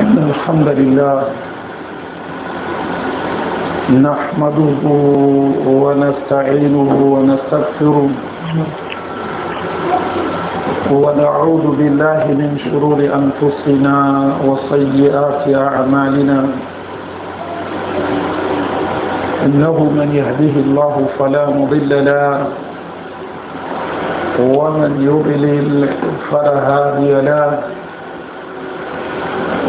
الحمد لله نحمده ونستعينه ونستغفره ونعوذ بالله من شرور أنفسنا وسيئات أعمالنا إنه من يهده الله فلا مضل له ومن يضلل فلا هادي له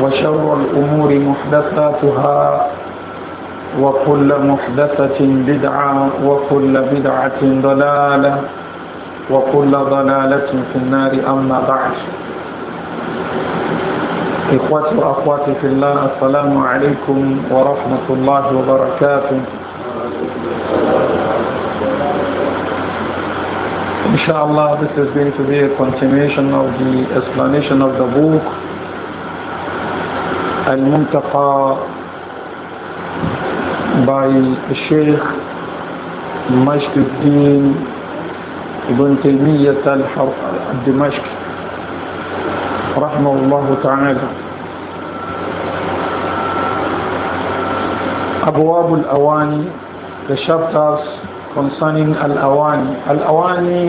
وشر الأمور محدثاتها وكل محدثة بدعة وكل بدعة ضلالة وكل ضلالة في النار أما بعد إخوتي وأخواتي في الله السلام عليكم ورحمة الله وبركاته Inshallah, this is going to be a continuation of the explanation of the book المنتقى by الشيخ مجد الدين ابن تيمية الدمشقي رحمه الله تعالى أبواب الأواني the chapters concerning Al-Awani Al-Awani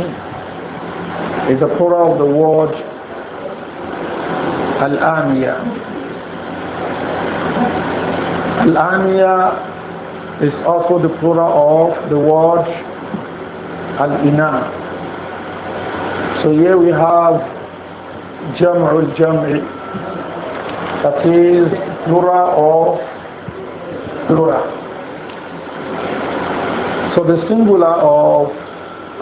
is the plural of the word Al-Amiya Al-Aniya is also the plural of the word Al-Ina. So here we have al-jam' Jam'i. That is plural of plural. So the singular of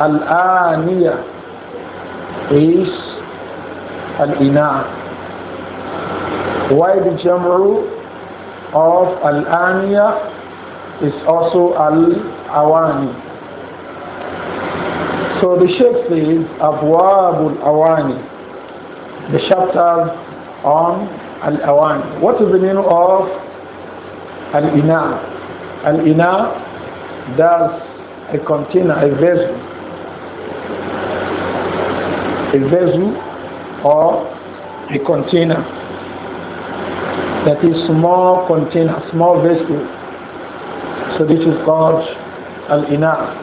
Al-Aniya is Al-Ina. Why the Jam'u of Al-Aniya is also Al-Awani. So the Sheikh says Abwab Al-Awani, the chapter on Al-Awani. What is the meaning of Al-Ina? Al-Ina, that's a container, a vessel. A vessel or a container. That is small container, small vessel. So this is called al-ina.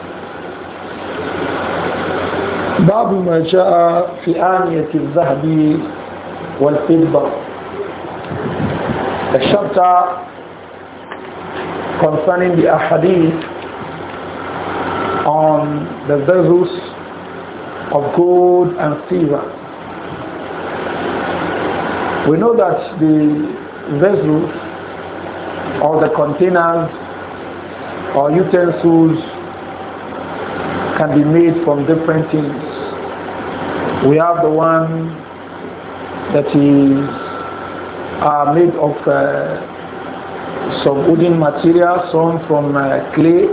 باب ما جاء في آنية الذهب والفضة The chapter concerning the ahadith on the vessels of gold and silver. We know that the vessels or the containers or utensils can be made from different things. We have the one that is uh, made of uh, some wooden material, some from uh, clay,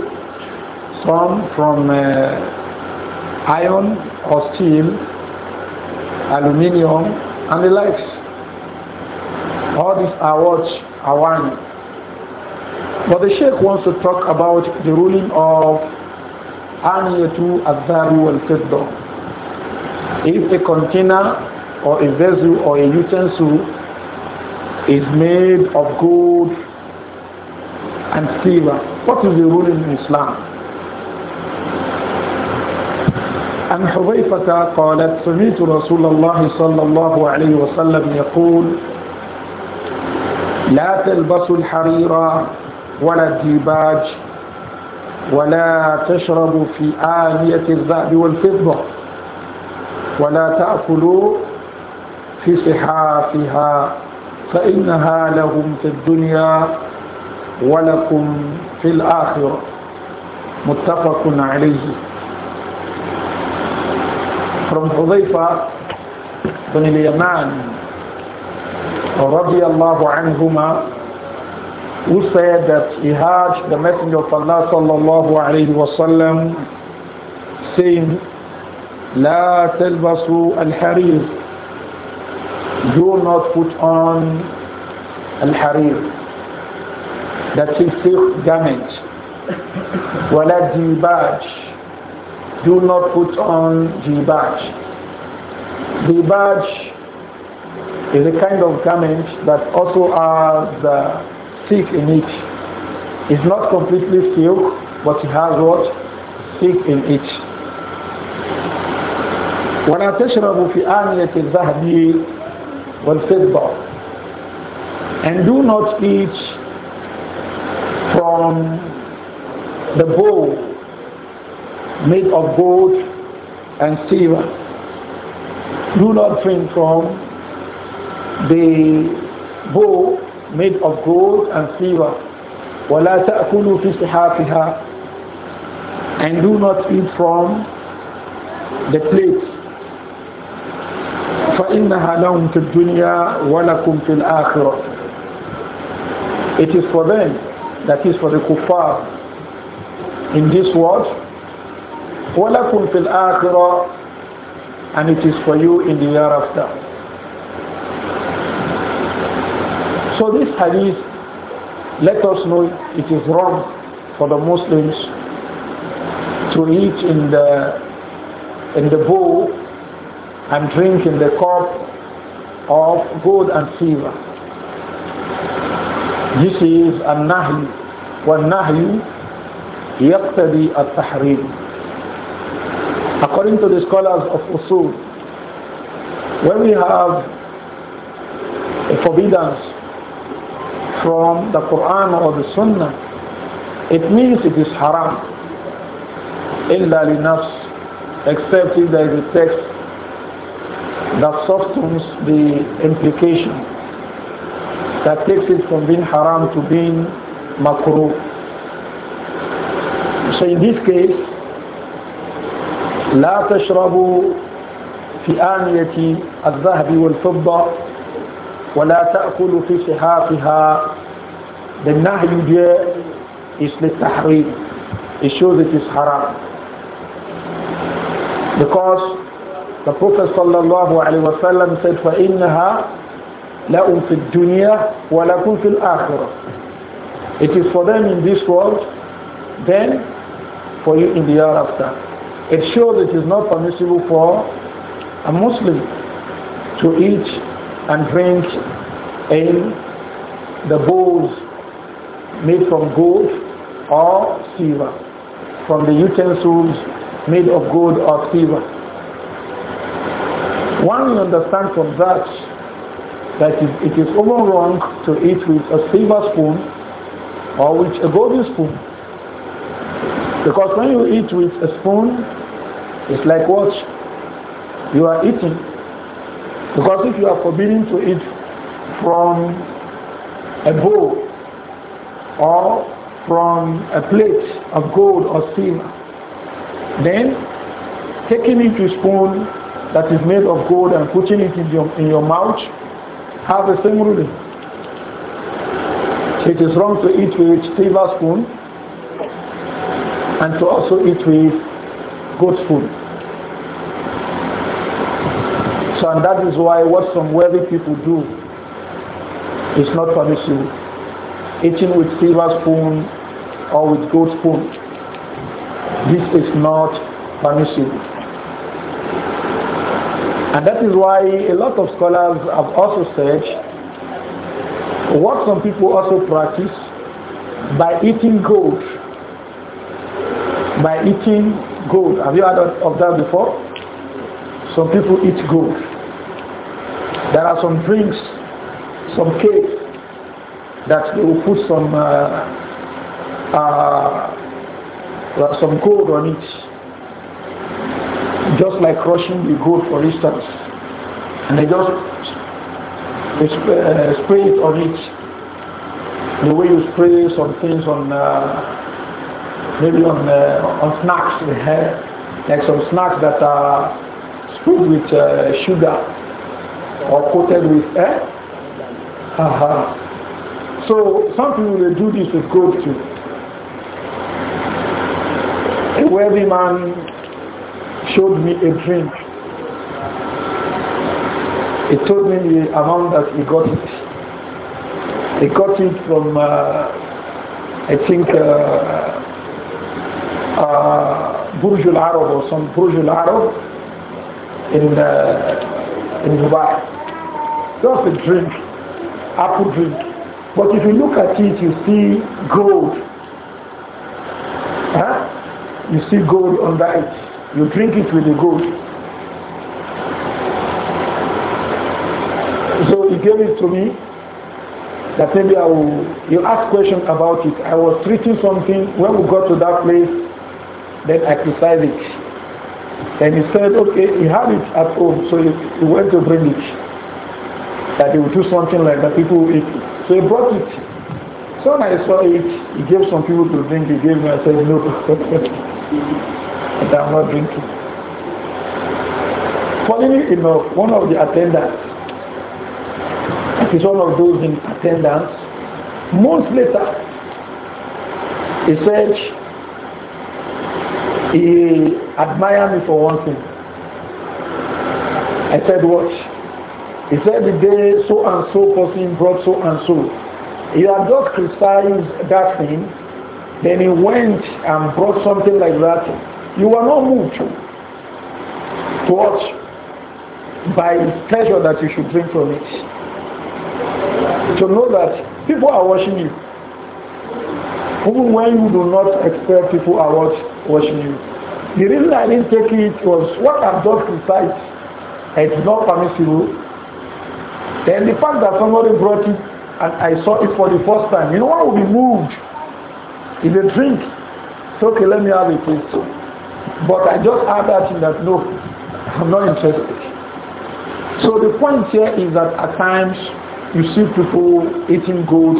some from uh, iron or steel, aluminium and the likes. All these awards are won, But the Sheikh wants to talk about the ruling of Aniyatu Azaru al Fiddo. If a container or a vessel or a utensil is made of gold and silver, what is the ruling in Islam? عن حذيفة قالت سمعت رسول الله صلى الله عليه وسلم يقول لا تلبسوا الحرير ولا الديباج ولا تشربوا في آنية الذهب والفضة ولا تأكلوا في صحافها فإنها لهم في الدنيا ولكم في الآخرة متفق عليه from Hudhaifa بن اليمان radiallahu anhuma who said that he heard the Messenger of Allah sallallahu alayhi wa sallam saying لا تلبسوا الحرير do not put on al-harir that is silk garment ولا جيباج. do not put on jibaj jibaj is a kind of garment that also has the silk in it. It's not completely silk, but it has what? Silk in it. ولا تشربوا في آنية الذهب والفضة and do not eat from the bowl made of gold and silver do not drink from the bow made of gold and silver. وَلَا تَأْكُلُوا فِي صِحَافِهَا And do not eat from the plate. فَإِنَّهَا لَهُمْ فِي الدُّنْيَا وَلَكُمْ فِي الْآخِرَةِ It is for them, that is for the kuffar in this world. وَلَكُمْ فِي الْآخِرَةِ And it is for you in the hereafter. So this hadith let us know it is wrong for the Muslims to eat in the in the bowl and drink in the cup of gold and silver. This is a nahi, والنهي يقتضي التحريم. According to the scholars of Usul, when we have a forbiddance from the Quran or the Sunnah, it means it is haram. إلا لنفس except if there is a text that softens the implication that takes it from being haram to being makruh. So in this case, لا تشربوا في آنية الذهب والفضة ولا تأكلوا في صحافها The nahyu there is litahrim. It shows it is haram. Because the Prophet sallallahu alaihi wasallam said, فَإِنَّهَا لَأُمْ فِي الدُّنْيَا وَلَكُمْ فِي الْآخِرَةِ It is for them in this world, then for you in the hereafter. after. It shows it is not permissible for a Muslim to eat and drink in the bowls made from gold or silver, from the utensils made of gold or silver. One understands from that that it is over wrong to eat with a silver spoon or with a golden spoon. Because when you eat with a spoon, it's like what? You are eating. Because if you are forbidden to eat from a bowl, or from a plate of gold or silver. Then taking into a spoon that is made of gold and putting it in your, in your mouth have the same ruling. It is wrong to eat with silver spoon and to also eat with gold spoon. So and that is why what some wealthy people do is not permissible eating with silver spoon or with gold spoon. This is not permissible. And that is why a lot of scholars have also said what some people also practice by eating gold. By eating gold. Have you heard of that before? Some people eat gold. There are some drinks, some cakes that they will put some uh, uh, uh, some gold on it, just like crushing the gold, for instance, and they just they spray, uh, spray it on it. The way you spray some things on uh, maybe on uh, on snacks, like some snacks that are sprayed with sugar or coated with eh? Uh-huh. So some people they do this with gold too. A wealthy man showed me a drink. He told me the amount that he got it. He got it from, uh, I think, uh, uh, Burj Al Arab or some Burj Al Arab in, uh, in Dubai. Just a drink, apple drink. But if you look at it, you see gold. Huh? You see gold under it. You drink it with the gold. So he gave it to me that maybe I will, you ask questions about it. I was treating something. When we got to that place, then I criticized it. And he said, okay, he had it at home, so he, he went to bring it. That he would do something like that, people will eat it. So he brought it. So when I saw it, he gave some people to drink, he gave me, I said, no, I'm not drinking. Funnily enough, one of the attendants, he's one of those in attendance, months later, he said, he admired me for one thing. I said, what? He said the day so and so person brought so and so. He had just criticized that thing. Then he went and brought something like that. You were not moved to watch by the pleasure that you should drink from it. To know that people are watching you. Even when you do not expect people are watching you. The reason I didn't take it was what I've just criticized. It's not permissible then the fact that somebody brought it and I saw it for the first time, you know, I will be moved. If they drink, it's okay, let me have it, please. But I just add that in that, no, I'm not interested. So the point here is that at times you see people eating gold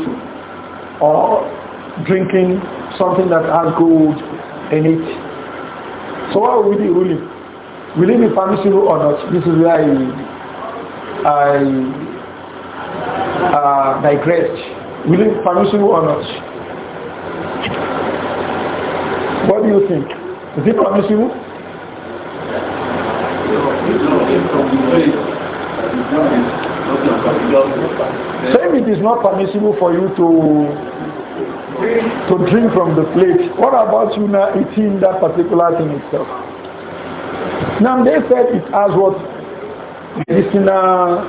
or drinking something that has gold in it. So what will be really, Will it be permissible or not? This is where I, I uh, digressed. Will it permissible or not? What do you think? Is it permissible? Same, it is not permissible for you to to drink from the plate, what about you now eating that particular thing itself? Now they said it has what medicinal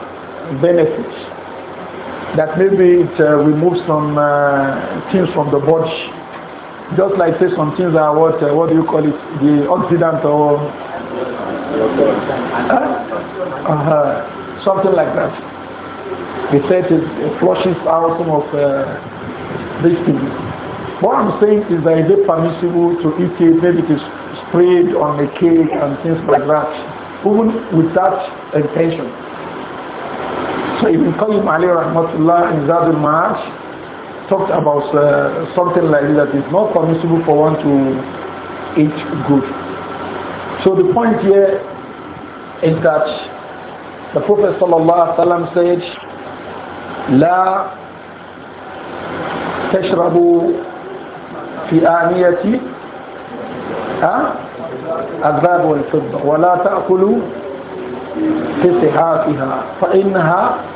benefits that maybe it uh, removes some uh, things from the body. Just like say some things are what uh, what do you call it? The oxidant or -huh. Uh-huh. something like that. He said it flushes out some of uh, these things. What I'm saying is that is it permissible to eat it? Maybe it is sprayed on a cake and things like that, even with that intention. So Ibn Qayyim alayhi rahmatullah in Zadul Ma'ash talked about uh, something like that is not permissible for one to eat good. So the point here is that the Prophet sallallahu alaihi wasallam said, لا تشرب في آنية الذهب والفضة ولا تأكل في صحافها فإنها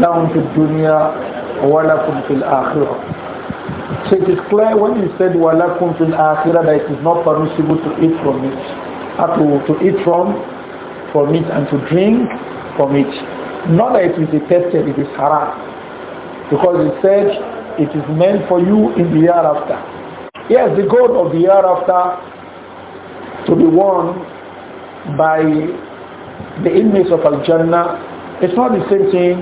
لهم في الدنيا ولكم في الآخرة So it is clear when you said walakum fil akhirah that it is not permissible to eat from it, to, to eat from, from it and to drink from it. Not that it is detested, it is haram. Because it said it is meant for you in the year after. Yes, the goal of the year after to be won by the inmates of Al-Jannah, it's not the same thing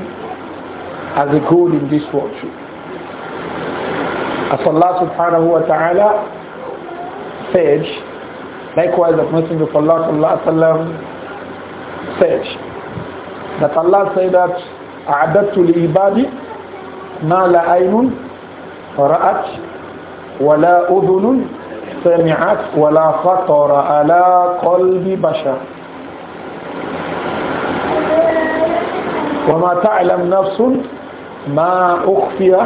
as a goal in this world. As Allah subhanahu wa ta'ala said, likewise the Messenger of Allah sallallahu alayhi wa sallam said, that Allah said that أعددت لعبادي ما لا أَيْنٌ رأت ولا أذن سمعت ولا فَطَرَ على قلب بشر وما تعلم نفس ما أخفي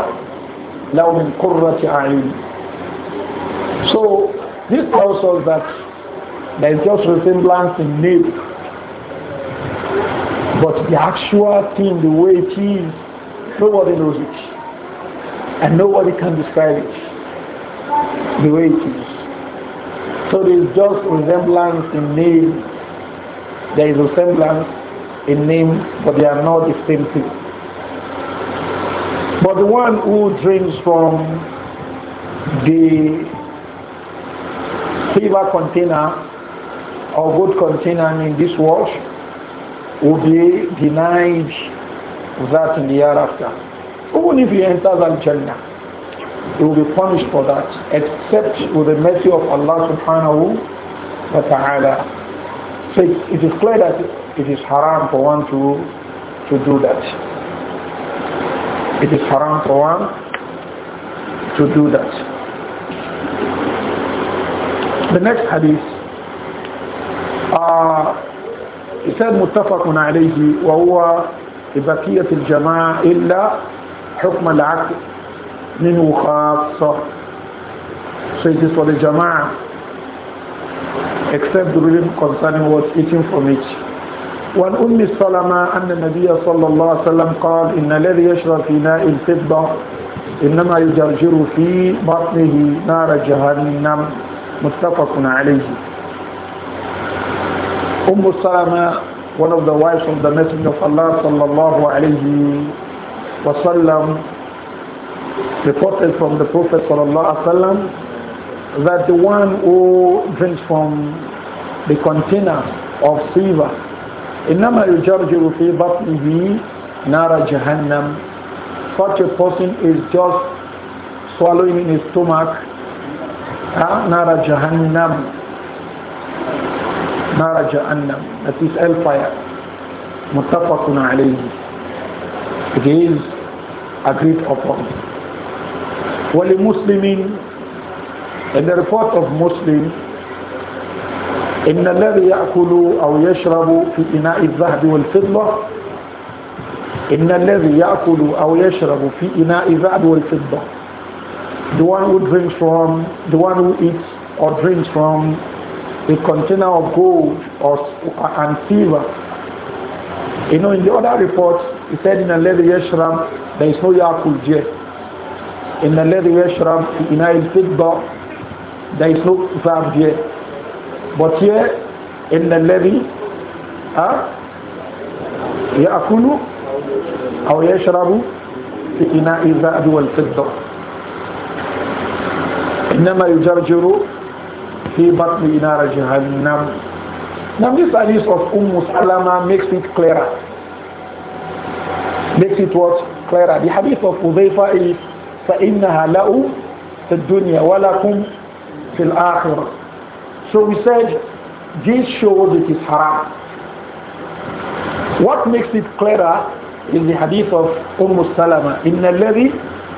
لو من قرة أعين So this tells us that there is just resemblance in name but the actual thing the way it is nobody knows it and nobody can describe it the way it is so there is just resemblance in name there is resemblance in name but they are not the same thing but the one who drinks from the silver container or good container in this world will be denied that in the hereafter. Even if he enters Al-Jannah, he will be punished for that, except with the mercy of Allah subhanahu wa ta'ala. So it is clear that it is haram for one to, to do that it is haram for one to do that. The next hadith, uh, it said متفق عليه وهو ببقية الجماعة إلا حكم العقل منه خاصة So it is for the jama'ah except the ruling concerning what's eating from it. وعن أم سلمة أن النبي صلى الله عليه وسلم قال إن الذي يشرب في ماء الفضة إنما يجرجر في بطنه نار جهنم متفق عليه أم سلمة one of the wives of the Messenger of Allah صلى الله عليه وسلم reported from the Prophet صلى الله عليه وسلم that the one who drinks from the container of silver إنما يجرجر في بطنه نار جهنم such a person is just swallowing in his stomach نار جهنم نار جهنم that is hellfire متفق عليه it is agreed upon ولمسلم in the report of Muslims. إن الذي يأكل أو يشرب في إناء الذهب والفضة إن الذي يأكل أو يشرب في إناء الذهب والفضة the one who drinks from the one who eats or drinks from a container of gold or and silver you know in the other report he said in الذي يشرب there is no yākūl here in الذي يشرب في إناء الفضة there is no verb here بطيء إن الذي يأكل أو يشرب في إناء الزأد والفضة إنما يجرجر في بطن إنار جهنم Now this hadith of Umm Salama makes it clearer. Makes it what? Clearer. The hadith of Uzaifa is فَإِنَّهَا لَأُ فِي الدُّنْيَا وَلَكُمْ فِي الْآخِرَةِ So we said this shows it is haram. What makes it clearer is the hadith of Umm Salama. إِنَّ الَّذِي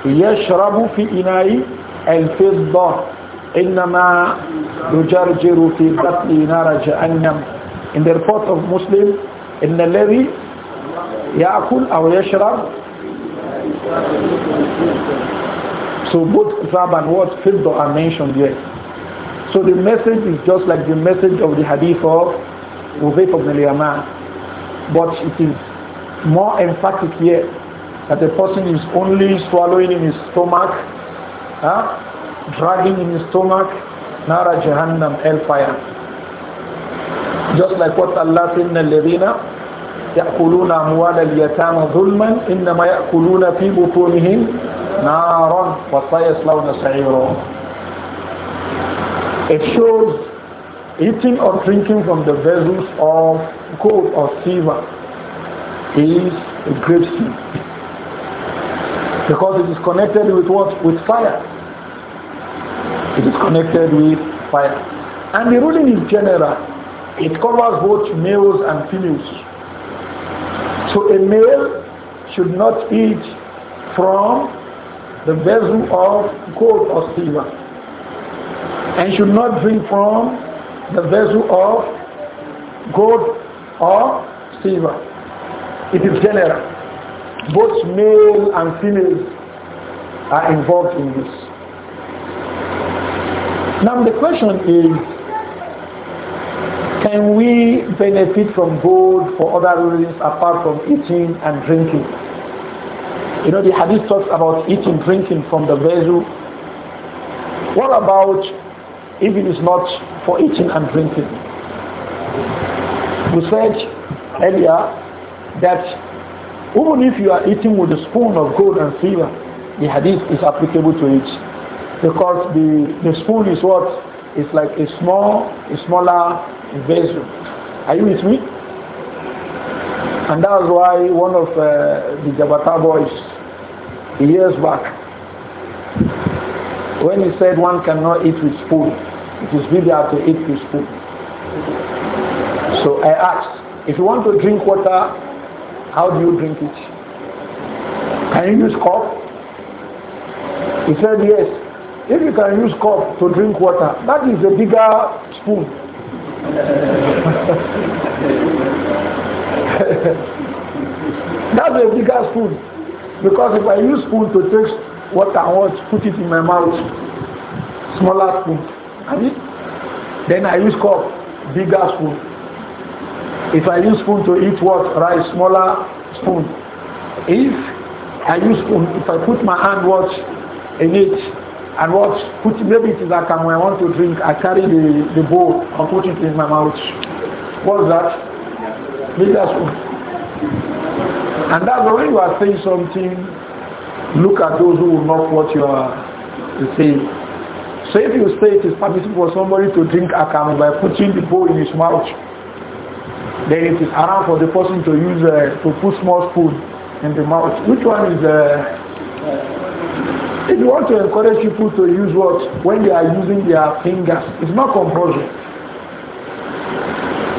يَشْرَبُ فِي إِنَاءِ الْفِضَّةِ إِنَّمَا يُجَرْجِرُ فِي بَطْنِ نَارَ جَهَنَّمَ In the report of Muslim, إِنَّ الَّذِي يَأْكُلْ أَوْ يَشْرَبُ So both Zab and what Fiddah are mentioned here. So the message is just like the message of the hadith of Uzayf ibn al-Yaman. But it is more emphatic here that the person is only swallowing in his stomach, huh? dragging in his stomach, Nara Jahannam, hellfire. Just like what Allah said in the يأكلون أموال اليتامى ظلما إنما يأكلون في بطونهم نارا وسيصلون سعيرا it shows eating or drinking from the vessels of gold or silver is a great sin. Because it is connected with what? With fire. It is connected with fire. And the ruling is general. It covers both males and females. So a male should not eat from the vessel of gold or silver and should not drink from the vessel of gold or silver. It is general. Both male and females are involved in this. Now the question is, can we benefit from gold for other reasons apart from eating and drinking? You know, the hadith talks about eating, drinking from the vessel. What about if it is not for eating and drinking. We said earlier that even if you are eating with a spoon of gold and silver, the hadith is applicable to it because the, the spoon is what is like a small, a smaller vessel. Are you with me? And that's why one of uh, the Jabata boys years back when he said one cannot eat with spoon it is hard to eat this food. So I asked, if you want to drink water, how do you drink it? Can you use cup? He said yes. If you can use cup to drink water, that is a bigger spoon. That's a bigger spoon. Because if I use spoon to take water, I want to put it in my mouth. Smaller spoon. I mean, then I use cup, bigger spoon. If I use spoon to eat what? Rice, smaller spoon. If I use spoon, if I put my hand what in it and what put maybe it is like when I want to drink, I carry the, the bowl and put it in my mouth. What's that? Bigger spoon. And that's when you are saying something, look at those who will not what you are saying. So if you say it is permissible for somebody to drink akamu by putting the bowl in his mouth, then it is haram for the person to use uh, to put small spoon in the mouth. Which one is? Uh, if you want to encourage people to use what when they are using their fingers, it's not compulsory.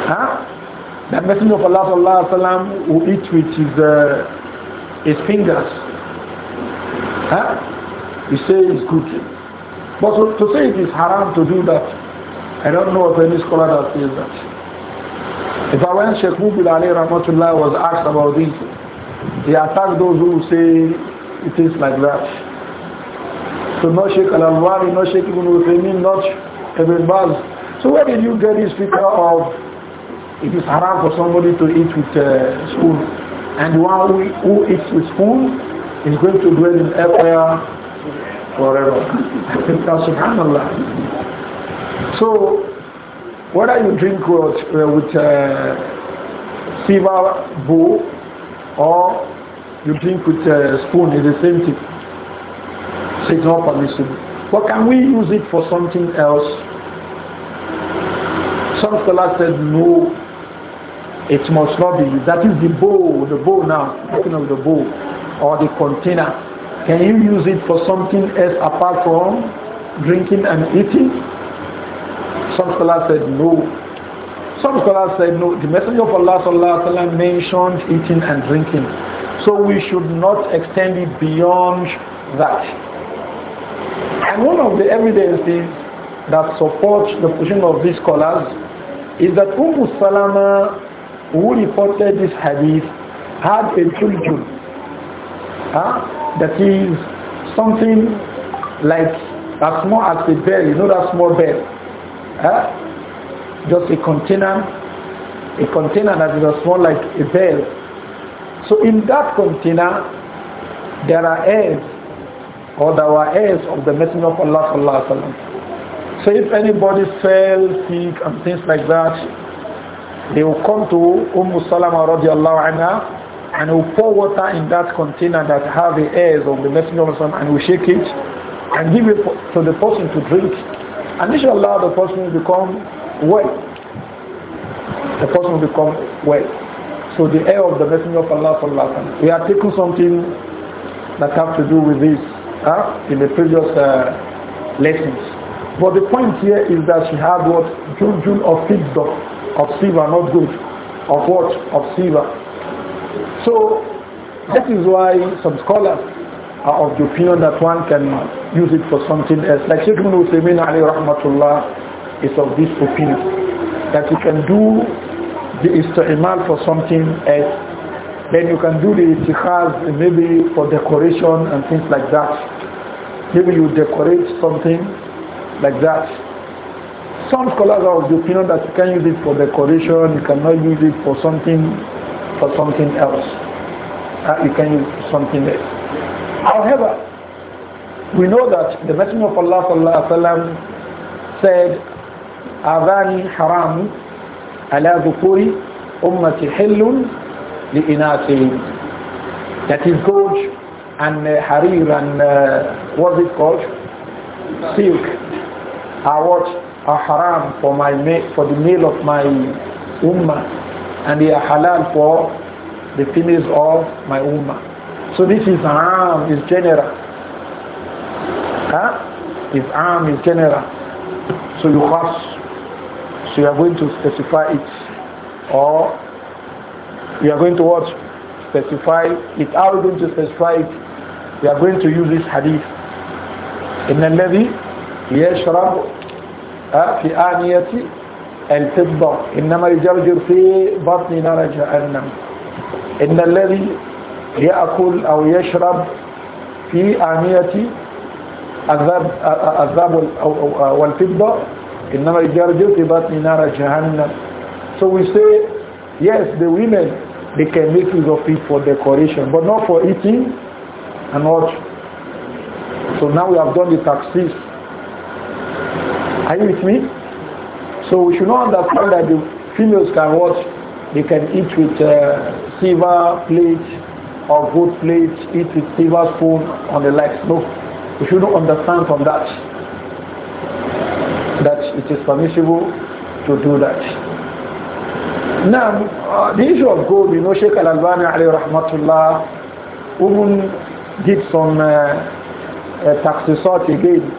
Huh? The Messenger of Allah sallallahu alaihi wasallam will eat with his uh, his fingers. Huh? He says it's good. But to say it is haram to do that, I don't know of any scholar that says that. If I went Sheikh Mubil Ali Ramatullah was asked about this, he attacked those who say it is like that. So no Sheikh Al-Alwari, no Sheikh Ibn Uthaymin, not Ibn Baz. So where did you get this figure of it is haram for somebody to eat with a spoon? And one who, who eats with spoon is going to dwell in hellfire forever. now, subhanallah. So, whether you drink with, uh, with uh, silver bowl or you drink with a uh, spoon, it's the same thing. So it's not permissible. But can we use it for something else? Some scholars said no, it must not be. That is the bowl, the bowl now, Speaking of the bowl or the container can you use it for something else apart from drinking and eating? Some scholars said no. Some scholars said no. The Messenger of Allah sallam, mentioned eating and drinking. So we should not extend it beyond that. And one of the evidences that supports the position of these scholars is that Umm Salama, who reported this hadith, had a children Huh? That is something like as small as a bell, you know that small bell. Huh? Just a container, a container that is as small like a bell. So in that container, there are eggs, or there were eggs of the Messenger of Allah sallallahu So if anybody fell sick and things like that, they will come to Umm Salama radiallahu anha and we will pour water in that container that have the hairs of the messenger of Allah and we shake it and give it to the person to drink. And allow the person to become well. The person will become well. So the air of the messenger of Allah sallallahu We are taking something that have to do with this huh? in the previous uh, lessons. But the point here is that she had what? June, June of silver, of silver, not good. Of what? Of silver. So that is why some scholars are of the opinion that one can use it for something else. Like Sheikh Ibn Uthaymeen Ali Rahmatullah is of this opinion that you can do the istimal for something else. Then you can do the istikhaz maybe for decoration and things like that. Maybe you decorate something like that. Some scholars are of the opinion that you can use it for decoration, you cannot use it for something for something else. Uh, you can use something else. However, we know that the Messenger of Allah sallallahu said, "Adani haram ala dhukuri ummati حِلٌ li That is gold and uh, harir and uh, what is it called? Silk I what a haram for my for the male of my ummah and they are halal for the females of my ummah. So this is arm is general. Huh? Is arm is general. So you khas. So you are going to specify it. Or you are going to what? Specify it. How are going to specify it? We are going to use this hadith. إن الذي يشرب في آنية الفضة إنما يجرجر في بطن نار جهنم إن الذي يأكل أو يشرب في آنية الذهب والفضة إنما يجرجر في بطن نار جهنم So we say, yes, the women, they can make use of it for decoration, but not for eating and watching. So now we have done the taxis. Are you with me? So we should not understand that the females can what? They can eat with uh, silver plate or gold plate, eat with silver spoon on the likes. No, we shouldn't understand from that that it is permissible to do that. Now, uh, the issue of gold, you know, Sheikh Al-Albani alayhi rahmatullah, women did some uh, uh, taxisot again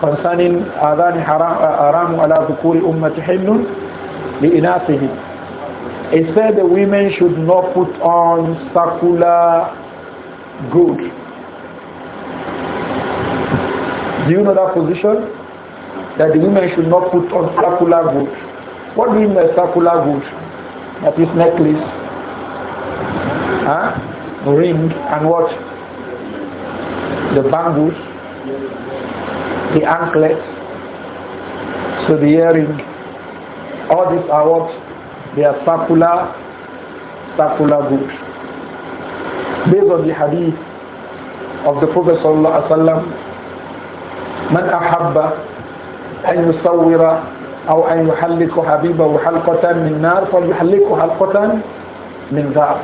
concerning adhan haram ala dhukuri ummati himnun li'inasihim. He said the women should not put on circular good. Do you know that position? That the women should not put on circular good. What do you mean by circular good? That is necklace, huh? ring, and what? The bangles, the anklet, so the earring, all these are what? They are circular, circular goods. Based on the hadith of the Prophet sallallahu alaihi wasallam, من أحب أن يصور أو أن يحلق حبيبه حلقة من نار فليحلق حلقة من ذهب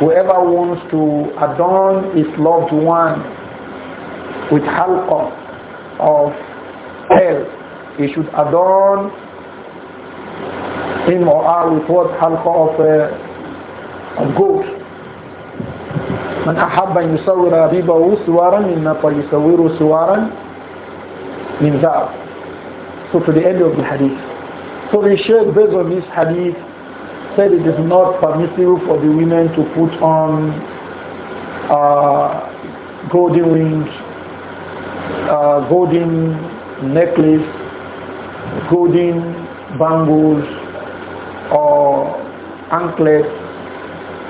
Whoever wants to adorn his loved one with halqa of hell. He should adorn him or her with what halqa of, uh, of gold. من أحب أن يصور ربيبه سوارا مما فليصوره سوارا من ذهب. So to the end of the hadith. So the Shaykh based on this hadith said it is not permissible for the women to put on uh, golden rings uh, golden necklace, golden bangles or anklet,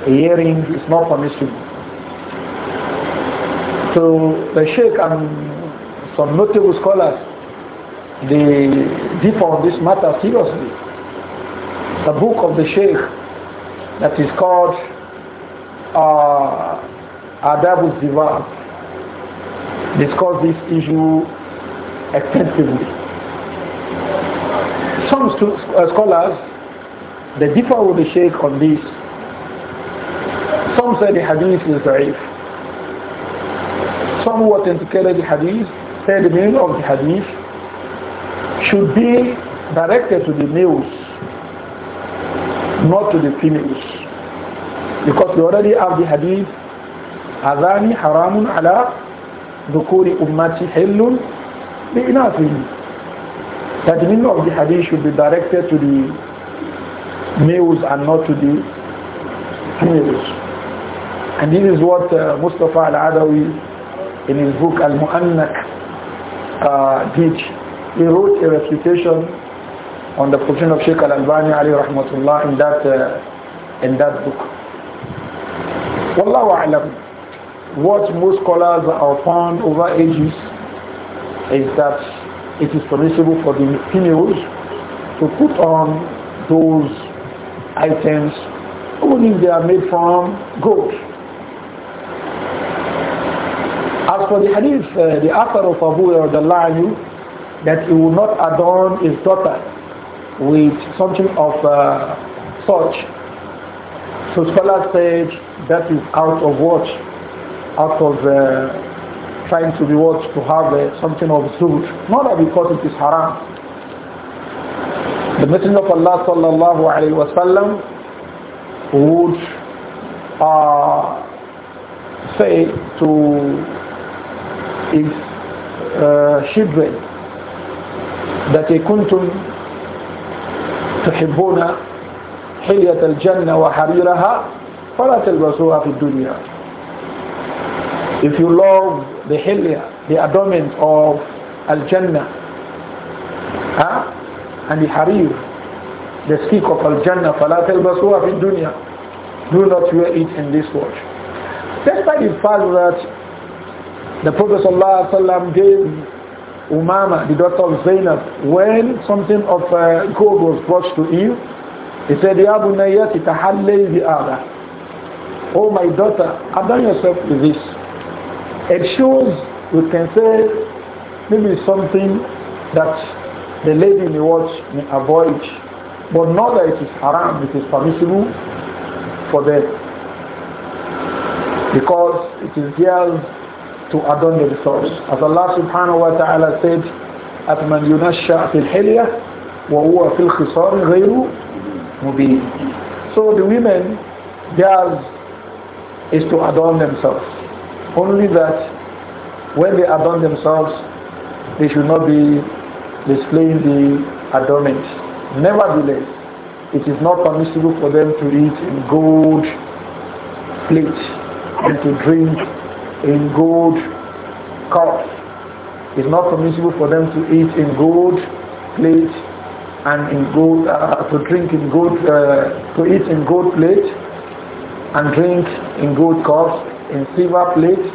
a earring is not permissible. So the Sheikh and some notable scholars, they deep on this matter seriously. The book of the Sheikh that is called uh, Adab discussed this issue extensively. Some uh, scholars, they differ with the Sheikh on this. Some say the hadith is da'if. Some who authenticated the hadith say the meaning of the hadith should be directed to the males, not to the females. Because we already have the hadith, Azani Haramun Ala. ذكور أمتي حل بإناثهم that the meaning of the hadith should be directed to the males and not to the females. And this is what uh, Mustafa al-Adawi in his book Al-Mu'annak uh, did. He wrote a refutation on the position of Sheikh al-Albani alayhi rahmatullah in that, uh, in that book. Wallahu a'lam what most scholars have found over ages is that it is permissible for the females to put on those items even if they are made from gold. As for the hadith, uh, the author of Abu Yardallahu, that he will not adorn his daughter with something of uh, such, so scholars said that is out of watch out of uh, trying to be what to have uh, something of zuhud. Not that because it is haram. The Messenger of Allah sallallahu alayhi wa sallam would uh, say to his uh, children that they كنتم تحبون حلية الجنة وحريرها فلا تلبسوها في الدنيا if you love the hilya, the adornment of Al-Jannah, huh? and the harir, the stick of Al-Jannah, فَلَا تَلْبَسُوهَا فِي الدُّنْيَا Do not wear it in this world. Despite the fact that the Prophet ﷺ gave Umama, the daughter of Zainab, when something of uh, gold was brought to him, he said, يَا بُنَيَّةِ تَحَلَّيْ بِآذَا Oh my daughter, adorn yourself with this. It shows, we can say, maybe something that the lady in the watch may avoid, but not that it is haram, it is permissible for them. Because it is theirs to adorn themselves. As Allah subhanahu wa ta'ala said, أَفْمَنْ يُنَشَّأْ فِي الْحِلْيَةِ Huwa فِي الْخِصَارِ غَيْرُ مُبِينٍ So the women, theirs is to adorn themselves. Only that when they adorn themselves, they should not be displaying the adornment. Nevertheless, it is not permissible for them to eat in gold plate and to drink in gold cup. It's not permissible for them to eat in gold plate and in gold uh, to drink in gold uh, to eat in gold plate and drink in gold cups in silver plate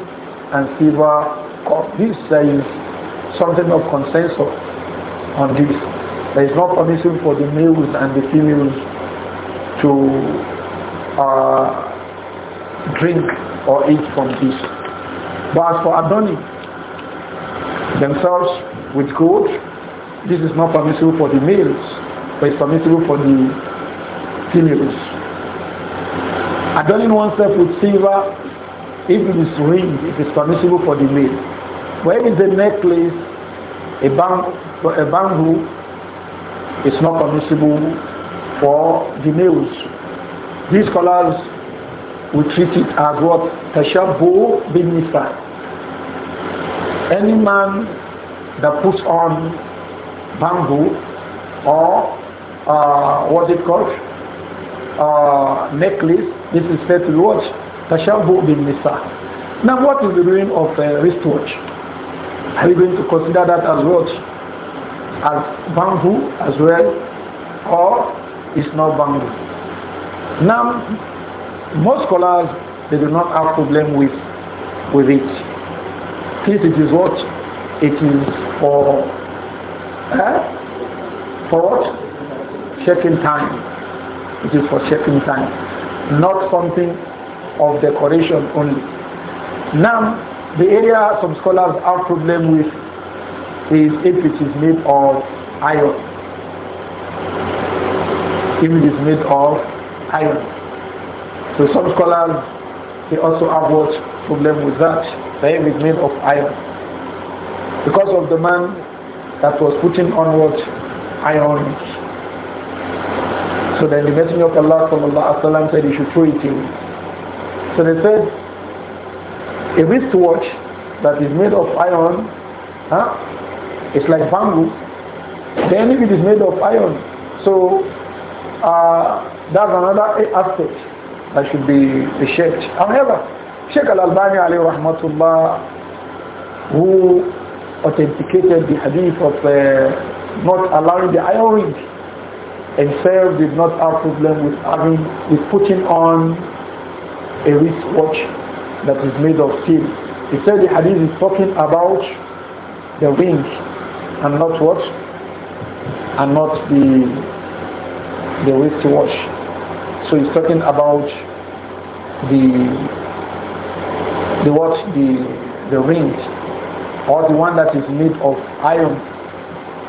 and silver cup. This there is something of consensus on this. There is no permission for the males and the females to uh, drink or eat from this. But as for adorning themselves with gold, this is not permissible for the males, but it's permissible for the females. Adorning oneself with silver if it is ring, it is permissible for the male. But if it's a necklace, a band, a bamboo, it's not permissible for the males. These scholars we treat it as what Tashabu bin Any man that puts on bamboo or uh, what it called uh, necklace, this is said to watch Tashabu bin Nisa. Now what is the meaning of uh, wristwatch? Are we going to consider that as watch? As banghu as well? Or is not banghu? Now, most scholars, they do not have problem with, with it. Since it is what? It is for, eh? for what? Checking time. It is for checking time. Not something of decoration only. Now, the area some scholars have problem with is if it is made of iron. If it is made of iron. So some scholars, they also have what problem with that. They have it made of iron. Because of the man that was putting on what iron so then the Messenger of Allah sallallahu alaihi said he should throw it in. So they said, a wristwatch that is made of iron, huh? it's like bamboo. Then if it is made of iron, so uh, that's another aspect that should be researched. However, Sheikh Al-Albani alayhi rahmatullah, who authenticated the hadith of uh, not allowing the iron ring, himself did not have problem with having, with putting on a wristwatch that is made of steel. He said the hadith is talking about the ring and not what? And not the the wristwatch. So he's talking about the the what the the ring or the one that is made of iron.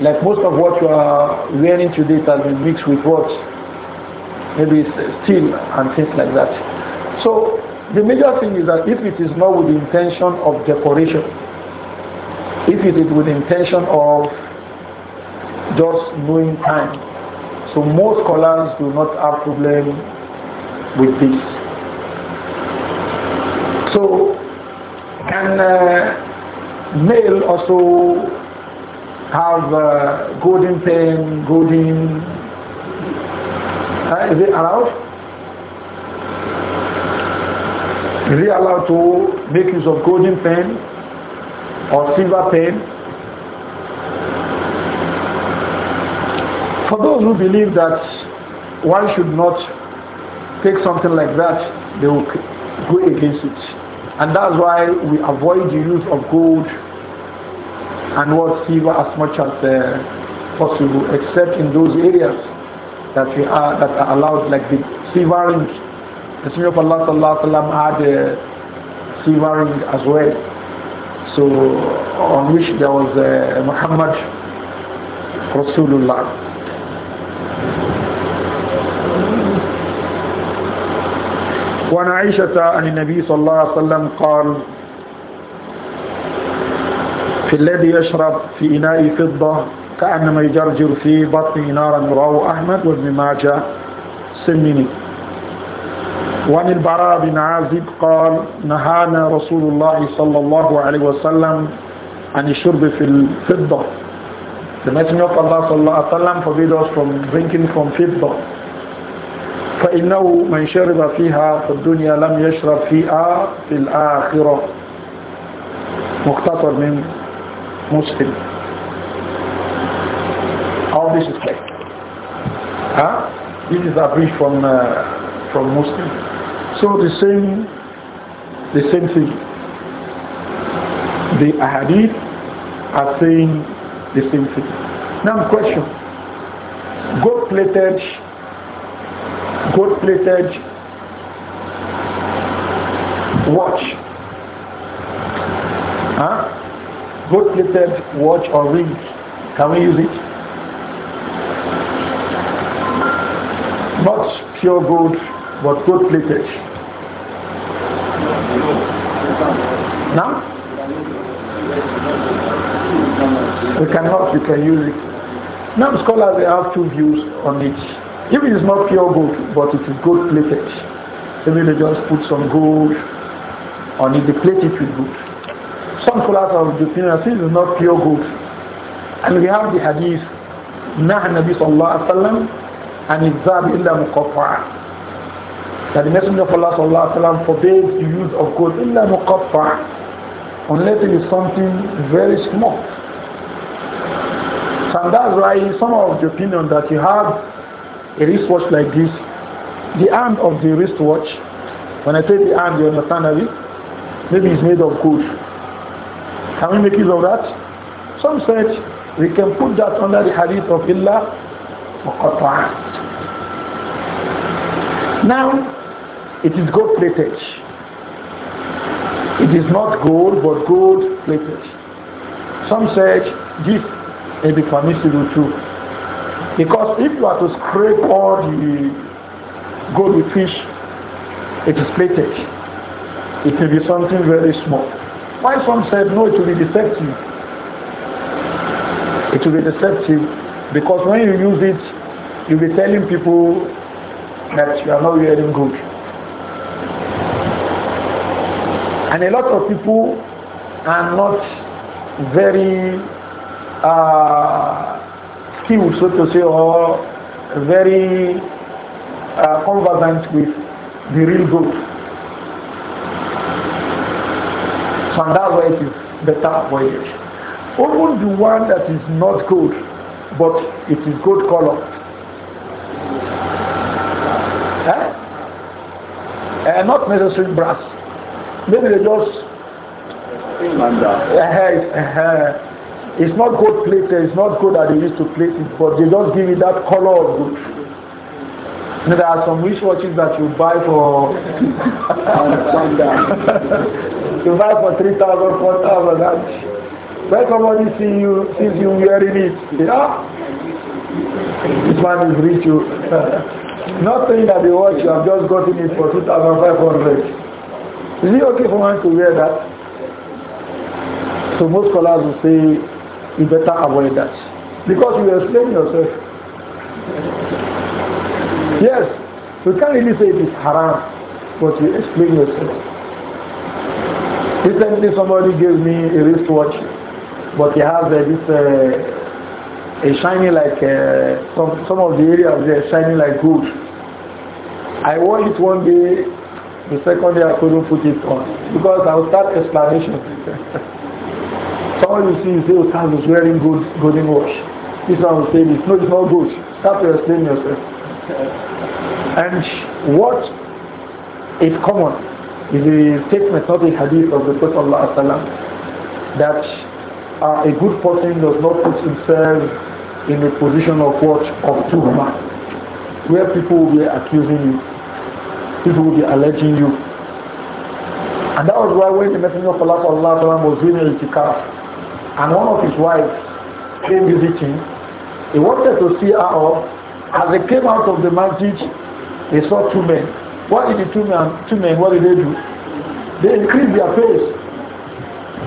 Like most of what you are wearing today has been mixed with what? Maybe steel and things like that. So the major thing is that if it is not with the intention of decoration, if it is with the intention of just knowing time, so most scholars do not have problem with this. So can uh, male also have uh, golden pen, golden? Uh, is it allowed? Is he allowed to make use of golden pen or silver pen? For those who believe that one should not take something like that, they will go against it. And that's why we avoid the use of gold and what silver as much as uh, possible, except in those areas that we are that are allowed, like the silver rings Messenger of Allah sallallahu sallam, had a silver ring as well. So on which there was a uh, Muhammad Rasulullah. وعن عائشة عن النبي صلى الله عليه وسلم قال في الذي يشرب في إناء فضة كأنما يجرجر في بطن نارا رواه أحمد وابن ماجه سمني وعن البراء بن عازب قال نهانا رسول الله صلى الله عليه وسلم عن الشرب في الفضة The Messenger of Allah صلى الله عليه وسلم forbid us from drinking from فضة فإنه من شرب فيها في الدنيا لم يشرب فيها في الآخرة مختصر من مسلم All this is like huh? This is a from uh, from Muslim So the same, the same thing. The ahadith are saying the same thing. Now question. God plated, God plated watch. Huh? God plated watch or ring. Can we use it? Not pure gold, but gold plated. We cannot, you can use it. Now scholars they have two views on it. If it is not pure gold, but it is gold plated, maybe they just put some gold on it, they plate it with gold. Some scholars of the opinion that it is not pure gold. And we have the hadith, Nah Nabi Sallallahu Alaihi Wasallam and zab illa muqaffa'a. That the Messenger of Allah Sallallahu Alaihi Wasallam forbids the use of gold illa muqaffa'a unless it is something very small. And that's why some of the opinion that you have a wristwatch like this, the hand of the wristwatch, when I say the hand, you understand that maybe it's made of gold. Can we make use of that? Some said we can put that under the hadith of Allah. for Qata'at. Now, it is gold plated. It is not gold, but gold plated. Some said this may be permissible too. Because if you are to scrape all the gold with fish, it is plated. It may be something very small. Why some said no, it will be deceptive. It will be deceptive because when you use it, you'll be telling people that you are not wearing good. And a lot of people are not very uh, so to say, or very uh, conversant with the real goat. So that way it is better voyage. Only the one that is not good, but it is good color. Eh? Uh, not necessarily brass. Maybe they just... Uh, uh, it's not gold plated, it's not gold that they used to plate it, but they just give it that color of gold. You know, there are some wristwatches that you buy for you buy for three thousand, four thousand. 4,000. When somebody see you, sees you wearing it, yeah, this man is rich. You. not saying that the watch you have just gotten it for 2,500. Is it okay for one to wear that? So most scholars will say you better avoid that. Because you explain yourself. yes, you can't really say it is haram, but you explain yourself. Recently somebody gave me a wristwatch, but he has uh, this, uh, a shiny like, uh, some, some of the areas there shiny like gold. I wore it one day, the second day I couldn't put it on because I will start explanation. all you see is those Ustaz wearing good, golden wash. This one will say No, it's not good. Stop to explain yourself. And what is common is a statement, not a hadith of the Prophet ﷺ, that uh, a good person does not put himself in a position of what? Of two tuhma. Where people will be accusing you. People will be alleging you. And that was why when the Messenger of Allah, Allah was doing itikaf, and one of his wives came visiting. He wanted to see her off. As they came out of the masjid, they saw two men. What did the two men, two men what did they do? They increased their pace.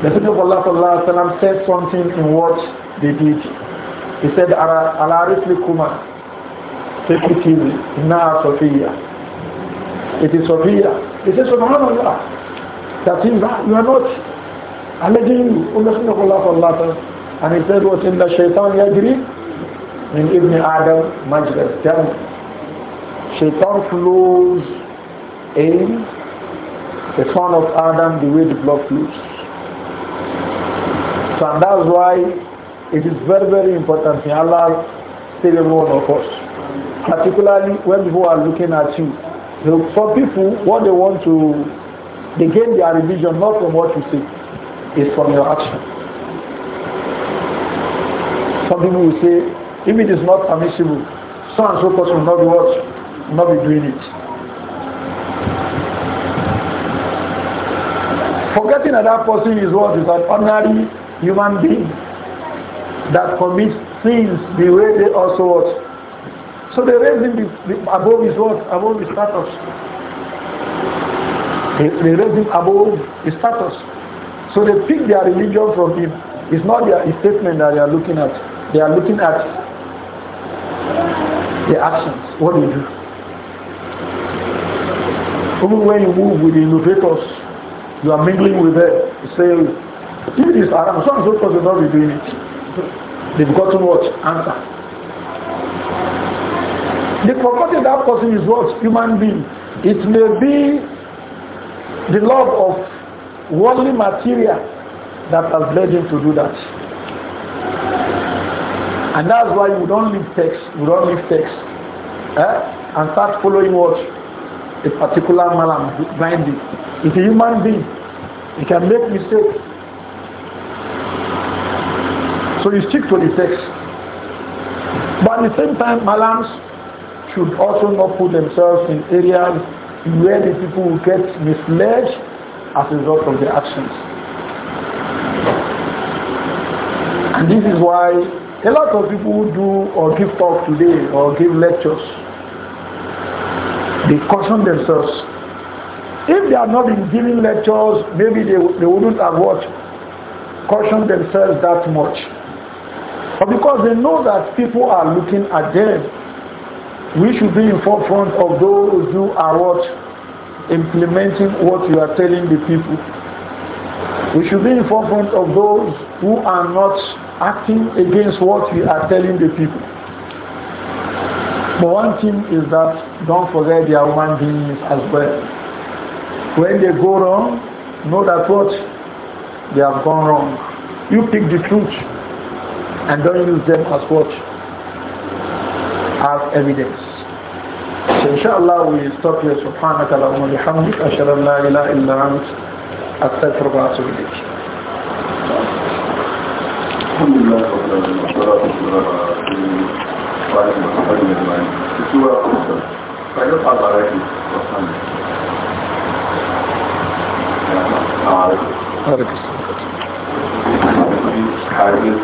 The Prophet of Allah sallallahu alayhi said something in what they did. He said, Ala kuma, take it easy, inna Sophia. It is Sophia. He said, Subhanallah, that is that you are not allegedly and he said what in the shaitan yajri in Ibn Adam Majlis Jam shaitan flows in the son of Adam the way the blood flows so and that's why it is very very important in Allah save everyone of us particularly when people are looking at you so for people what they want to they gain their religion not from what you say is from your action. Some people will say, if it is not permissible, so and so person will not be Will not be doing it. Forgetting that that person is what is an ordinary human being that commits sins the way they also what. So they raise him above his what? Above his status. They, they raise above his status. So they pick their religion from him. It's not their statement that they are looking at. They are looking at the actions, what do you do. Even when you move with the innovators, you are mingling with them. You say, if it is haram, so and so will not be doing it. They've gotten what? Answer. They forgotten that person is what? Human being. It may be the love of worldly material that has led him to do that. And that's why we don't leave text, we don't leave text. Eh? And start following what? A particular malam blindly. It's a human being. He can make mistakes. So you stick to the text. But at the same time, malams should also not put themselves in areas where the people will get misled as a result of their actions. And this is why a lot of people do or give talk today or give lectures. They caution themselves. If they have not been giving lectures, maybe they, they wouldn't have what? cautioned themselves that much. But because they know that people are looking at them, we should be in forefront of those who are what? implementing what you are telling the people. We should be in forefront of those who are not acting against what we are telling the people. But one thing is that don't forget they are human beings as well. When they go wrong, know that what they have gone wrong. You pick the truth and don't use them as what? As evidence. إن شاء الله ويستطيع سبحانك اللهم وبحمدك أشهد أن لا إله إلا أنت أستغفرك وأتوب إليك. الحمد لله رب العالمين والصلاة والسلام على وعلى آله وصحبه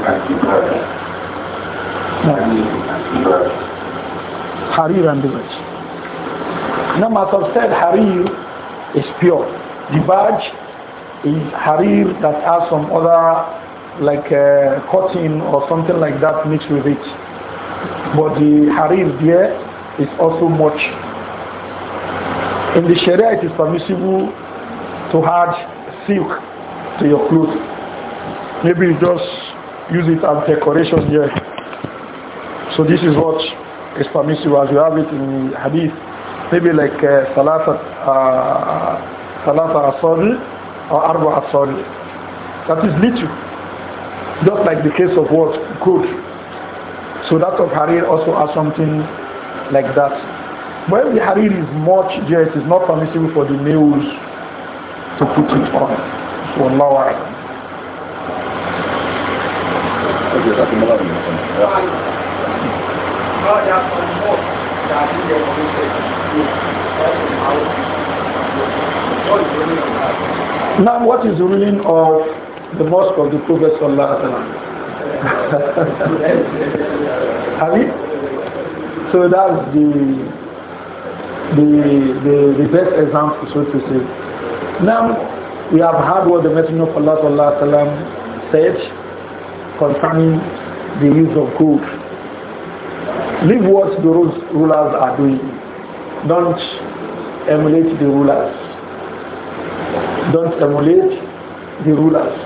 أجمعين. نعم. حريرا No matter i said, harir is pure. The badge is harir that has some other like uh, cotton or something like that mixed with it. But the harir there is also much. In the Sharia, it is permissible to add silk to your clothes. Maybe you just use it as decoration here. So this is what is permissible as you have it in hadith maybe like uh, Salata uh, or Arba Asari. That is little. Just like the case of what? Good. So that of Harir also has something like that. When the Harir is much, yes, it's not permissible for the males to put it on. So Allah Yeah. Now, what is the ruling of the mosque of the Prophet Sallallahu Alaihi Have So that's the, the, the, the best example, so to say. Now, we have heard what the Messenger of Allah Sallallahu Alaihi Wasallam said concerning the use of gold. Leave what the rulers are doing. Don't emulate the rulers. Don't emulate the rulers.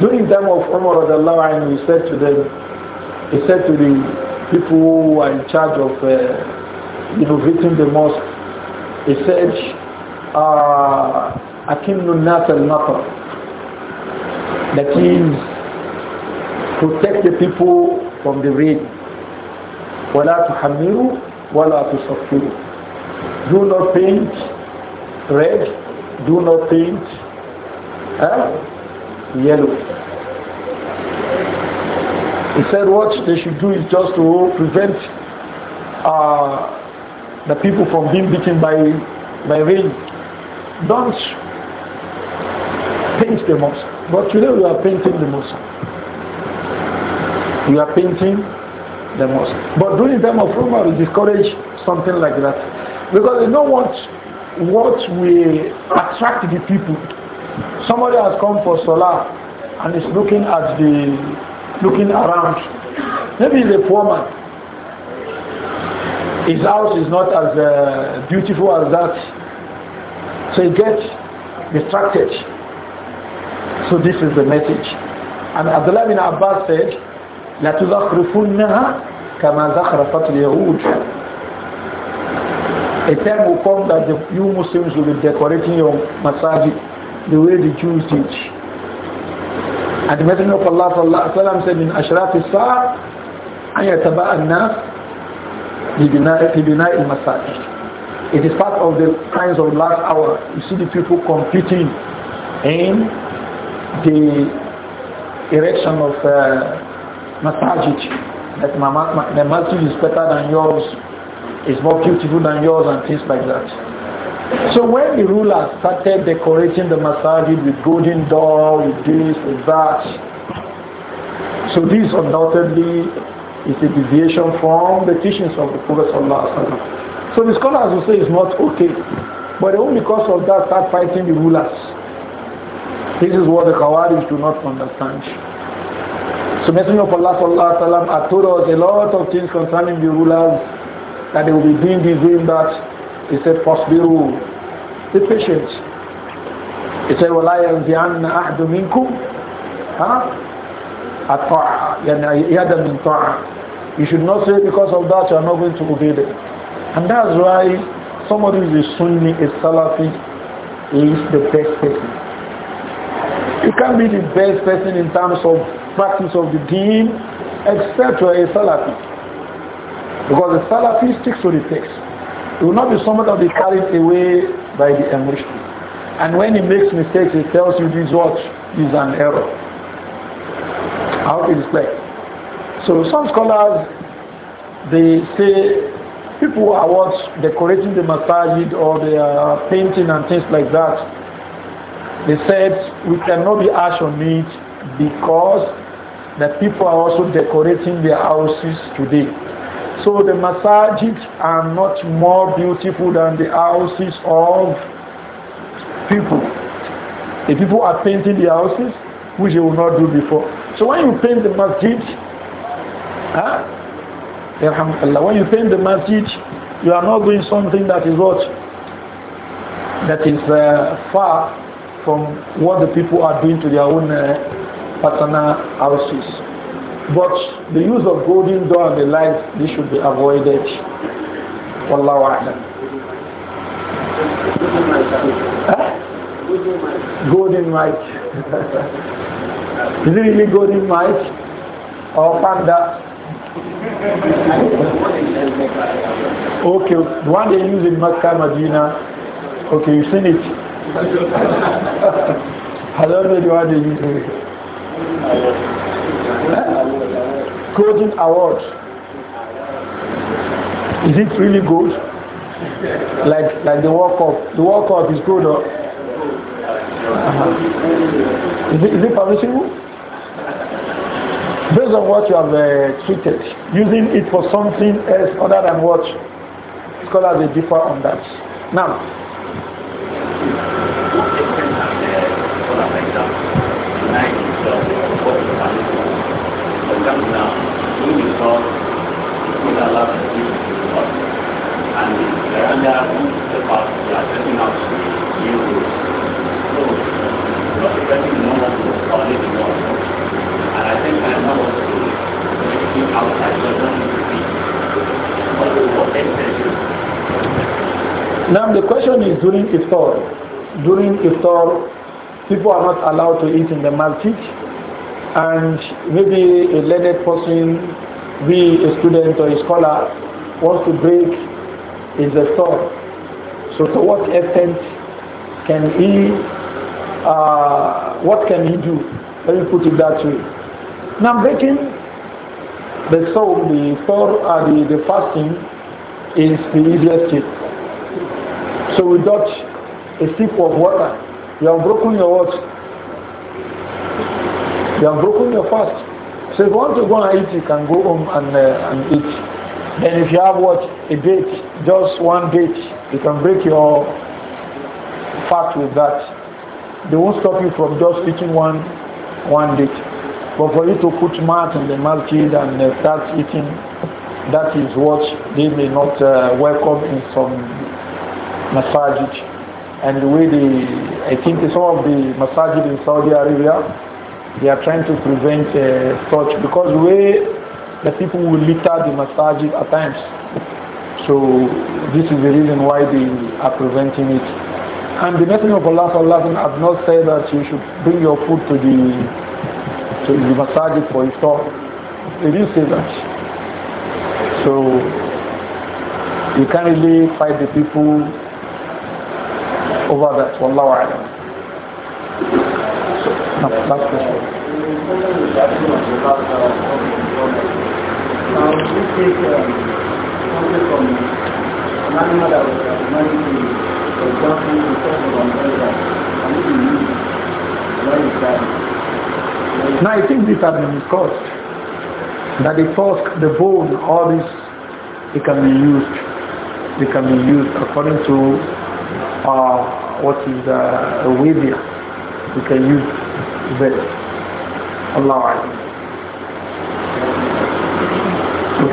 During the time of Umar he said to them, he said to the people who are in charge of uh, innovating the mosque, he said, ah, Akim Nunat al Matar. means protect the people from the rain. وَلَا تُحَمِّرُوا وَلَا تُصَفِّرُوا Do not paint red, do not paint huh? yellow. He said what they should do is just to prevent uh, the people from being beaten by, by rain. Don't paint the mosque. But today we are painting the mosque. We are painting the mosque. But during demo time of Umar, we discourage something like that. Because you know what, what we attract the people. Somebody has come for Salah and is looking at the, looking around. Maybe he's a poor man. His house is not as uh, beautiful as that. So he gets distracted. So this is the message. And Abdullah bin Abbas said, لَتُزَخْرِفُنَّهَا كَمَا زَخْرَفَتْ الْيَهُودِ a time will come that the, you Muslims will be decorating your masjid the way the Jews did. And the Messenger of Allah sallallahu alaihi wasallam) said in Ashraf al-Sa'ah, أن يتبع الناس لبناء لبناء المساجد. It is part of the times of last hour. You see the people competing in the erection of uh, masajid. That my, my, the masjid is better than yours, is more beautiful than yours and things like that. So when the ruler started decorating the masajid with golden door, with this, with that, so this undoubtedly is a deviation from the teachings of the Prophet So the scholars will say it's not okay. But only because of that start fighting the rulers. This is what the Khawarij do not understand. So Messenger of Allah sallallahu told us a lot of things concerning the rulers that they will be doing this, doing that. He said, first be patient." He said, "ولا ينزعن أحد منكم ها الطاعة يعني يدا من طاعة." You should not say because of that you are not going to obey them. And that's why somebody who is a Sunni, a Salafi, is the best person. You can't be the best person in terms of practice of the deen except for a Salafi. Because the Salafi sticks to the text. It will not be someone that will be carried away by the emotion. And when he makes mistakes, he tells you this what is an error. How it is like. So some scholars, they say people are what decorating the masjid or they are painting and things like that. They said we cannot be ash on it because the people are also decorating their houses today. So the masajids are not more beautiful than the houses of people. The people are painting the houses, which they will not do before. So when you paint the masjid, huh? when you paint the masjid, you are not doing something that is what? That is uh, far from what the people are doing to their own uh, paternal houses. But the use of golden door and the light, this should be avoided. Wallahu a'lam. Golden mic. Is it really golden mic? Or panda? okay, the one they use in Makkah, Medina. Okay, you've seen it. I don't know the one they use. Coding Award. Is it really good? Like like the World Cup. The World Cup is good, or? Uh -huh. Is it, is it permissible? Based on what you have uh, tweeted, using it for something else other than what scholars differ on that. Now, Now the question is during iftar. During iftar, people are not allowed to eat in the masjid, and maybe a learned person, be a student or a scholar, wants to break is the soul. So to what extent can he, uh, what can he do? Let me put it that way. Now breaking the soul, the soul, uh, the, the fasting is the easiest thing. So without a sip of water, you have broken your fast. You have broken your fast. So if you want to go and eat, you can go home and, uh, and eat. Then if you have what? A date, just one date, you can break your fast with that. They won't stop you from just eating one one date. But for you to put mat in the masjid and uh, start eating, that is what they may not uh, welcome in some massage. And the way the, I think some of the massages in Saudi Arabia, they are trying to prevent uh, such because the way the people will litter the masajid at times. So this is the reason why they are preventing it. And the Messenger of Allah Allah has not said that you should bring your food to the to the masajid for iftar. He didn't say that. So you can't really fight the people over that. Wallahu alam. So, no, question. Now, this is something uh, from an animal that was humanity, for example, the talk it is used. Why is that? Now, I think this has been discussed. That the tusk, the bone, all this, it can be used. It can be used according to uh, what is uh, a We can use better. Allah.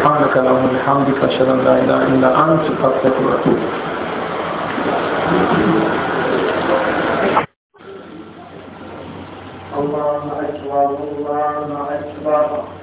سبحانك اللهم وبحمدك أشهد أن لا إله إلا أنت أستغفرك وأتوب الله أكبر الله أكبر